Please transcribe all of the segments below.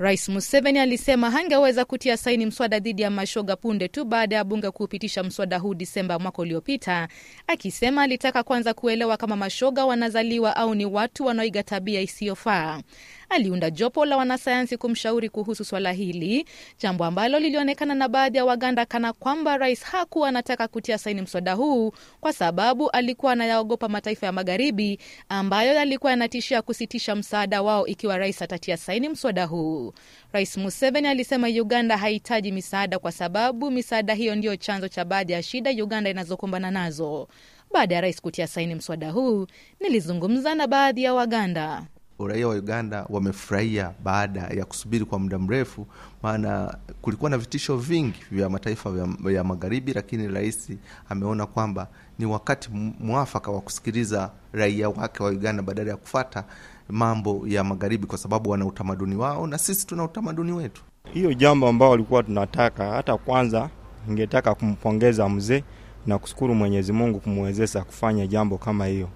Rais Museveni alisema hangeweza kutia saini mswada dhidi ya mashoga punde tu baada ya bunge kuupitisha mswada huu Disemba mwaka uliopita, akisema alitaka kwanza kuelewa kama mashoga wanazaliwa au ni watu wanaoiga tabia isiyofaa aliunda jopo la wanasayansi kumshauri kuhusu swala hili, jambo ambalo lilionekana na baadhi ya Waganda kana kwamba rais hakuwa anataka kutia saini mswada huu kwa sababu alikuwa anayaogopa mataifa ya Magharibi ambayo yalikuwa yanatishia kusitisha msaada wao ikiwa rais atatia saini mswada huu. Rais Museveni alisema Uganda haihitaji misaada kwa sababu misaada hiyo ndiyo chanzo cha baadhi ya shida Uganda inazokumbana nazo. Baada ya rais kutia saini mswada huu, nilizungumza na baadhi ya Waganda raia wa Uganda wamefurahia baada ya kusubiri kwa muda mrefu, maana kulikuwa na vitisho vingi vya mataifa vya, ya magharibi, lakini rais ameona kwamba ni wakati mwafaka wa kusikiliza raia wake wa Uganda badala ya kufata mambo ya magharibi, kwa sababu wana utamaduni wao na sisi tuna utamaduni wetu. Hiyo jambo ambao walikuwa tunataka hata kwanza, ningetaka kumpongeza mzee na kushukuru Mwenyezi Mungu kumwezesha kufanya jambo kama hiyo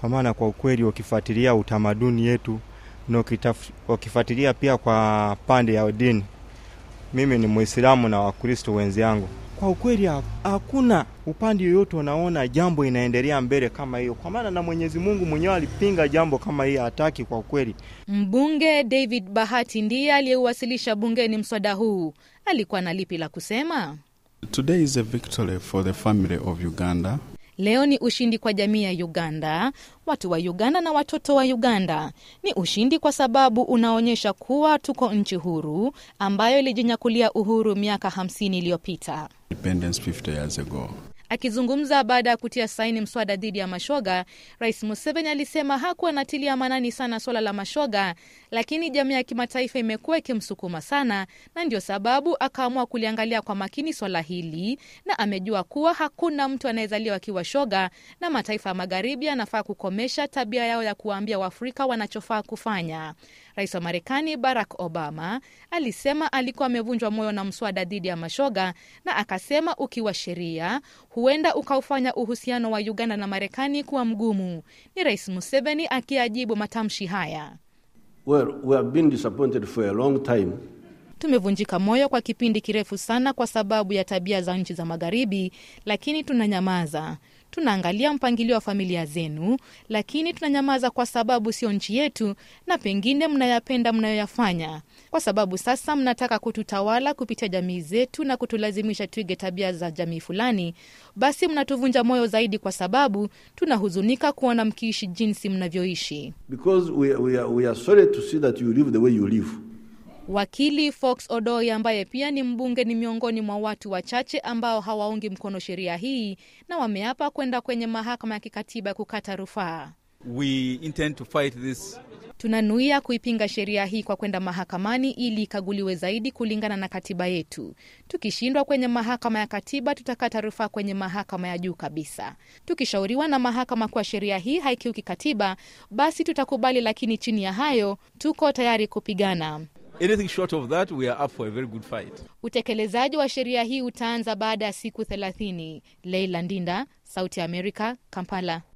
kwa maana kwa ukweli wakifuatilia utamaduni yetu na wakifuatilia pia kwa pande ya dini, mimi ni Muislamu na Wakristo wenzangu, kwa ukweli hakuna upande yoyote unaona jambo inaendelea mbele kama hiyo, kwa maana na Mwenyezi Mungu mwenyewe alipinga jambo kama hiyo, hataki kwa ukweli Mbunge David Bahati ndiye aliyeuwasilisha bungeni mswada huu. Alikuwa na lipi la kusema? Today is a victory for the family of Uganda Leo ni ushindi kwa jamii ya Uganda, watu wa Uganda na watoto wa Uganda. Ni ushindi kwa sababu unaonyesha kuwa tuko nchi huru ambayo ilijinyakulia uhuru miaka 50 iliyopita. Akizungumza baada ya kutia saini mswada dhidi ya mashoga, Rais Museveni alisema hakuwa anatilia maanani sana swala la mashoga, lakini jamii ya kimataifa imekuwa ikimsukuma sana, na ndio sababu akaamua kuliangalia kwa makini swala hili, na amejua kuwa hakuna mtu anayezaliwa akiwa shoga, na mataifa ya magharibi yanafaa kukomesha tabia yao ya kuwaambia Waafrika wanachofaa kufanya. Rais wa Marekani Barack Obama alisema alikuwa amevunjwa moyo na mswada dhidi ya mashoga, na akasema ukiwa sheria huenda ukaufanya uhusiano wa Uganda na Marekani kuwa mgumu. Ni Rais Museveni akiajibu matamshi haya. Well, we have been disappointed for a long time. Tumevunjika moyo kwa kipindi kirefu sana kwa sababu ya tabia za nchi za Magharibi, lakini tunanyamaza tunaangalia mpangilio wa familia zenu, lakini tunanyamaza kwa sababu sio nchi yetu, na pengine mnayapenda mnayoyafanya, kwa sababu sasa mnataka kututawala kupitia jamii zetu na kutulazimisha tuige tabia za jamii fulani. Basi mnatuvunja moyo zaidi, kwa sababu tunahuzunika kuona mkiishi jinsi mnavyoishi. Because we, we are, we are sorry to see that you live the way you live. Wakili Fox Odoi ambaye pia ni mbunge ni miongoni mwa watu wachache ambao hawaungi mkono sheria hii na wameapa kwenda kwenye mahakama ya kikatiba kukata rufaa. We intend to fight this. Tunanuia kuipinga sheria hii kwa kwenda mahakamani ili ikaguliwe zaidi kulingana na katiba yetu. Tukishindwa kwenye mahakama ya katiba, tutakata rufaa kwenye mahakama ya juu kabisa. Tukishauriwa na mahakama kuwa sheria hii haikiuki katiba, basi tutakubali, lakini chini ya hayo tuko tayari kupigana. Anything short of that, we are up for a very good fight. Utekelezaji wa sheria hii utaanza baada ya siku 30. Leila Ndinda, Sauti ya Amerika, Kampala.